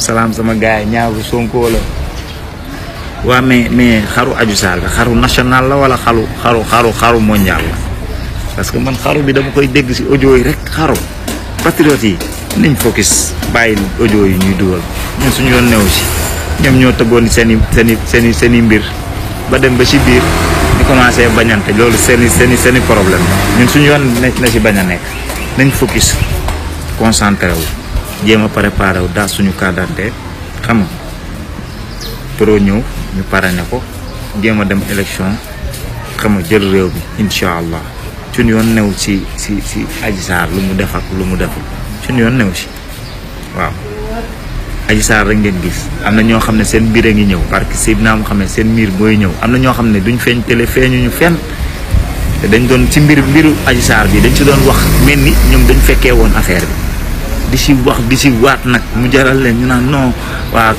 salam salam sama gars yi ñaaw Sonko la wa mais mais xaru aju sal xaru national la wala xaru xaru xaru xaru mondial la parce que man xaru bi dama koy dégg ci audio yi rek xaru patriote yi niñ focus bayil audio yi ñuy dugal ñu suñu yon newu ci ñam ñoo teggoni seni seni seni seni mbir ba dem ba si bir ñu commencé bañante lolu seni seni seni problème ñun suñu yon na ci baña nek nañ focus concentré wu jéem a préparé wu daal suñu carte d'identité xam nga pro ñëw ñu pare parrainé ko jéem a dem élection xam nga jël réew bi incha allah suñu yoon new si si si Adji lu mu def ak lu mu def deful suñu yoon new ci waaw Adji Sarr rek ngeen gis am na ñoo xam ne seen mbir a ngi ñëw parce que si naa mu xam ne seen mbir booy ñëw am na ñoo xam ne duñ feeñ télé ñu fenn te dañ doon ci mbir mbiru Adji Sarr bi dañ ci doon wax mel ni ñoom dañ fekkee woon affaire bi di si wax di si waat nag mu jaral leen ñu naan non waa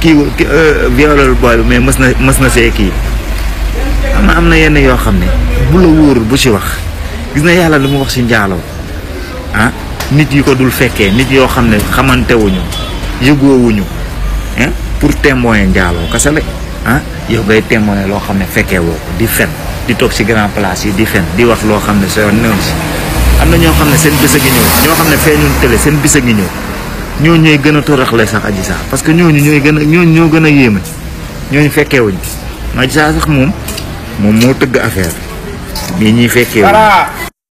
kii euh, violol booy mais mës na mës na see kii am am na yenn yoo xam ne bu la wóorul bu si wax gis na yàlla lu mu wax si njaaloo ah nit yi ko dul fekkee nit yoo xam ne xamantewuñu yëgoowuñu pour témoin njaaloo kese la ah yow ngay témoin loo xam ne fekkee woo ko di fen di toog si grand place yi di fen di wax loo xam ne sa yoon si am na ñoo xam ne seen bés a ngi ñëw ñoo xam ne feeñuñ télé seen bés a ngi ñëw ñooñu ñooy gën a toraxle sax Adji Sarr parce que ñooñu ñooy gën a ñooñu ñoo gën a yéeme ñooñu fekkee wuñ Adji Sarr sax moom moom moo tëgg affaire bi mais ñiy fekkee wuñ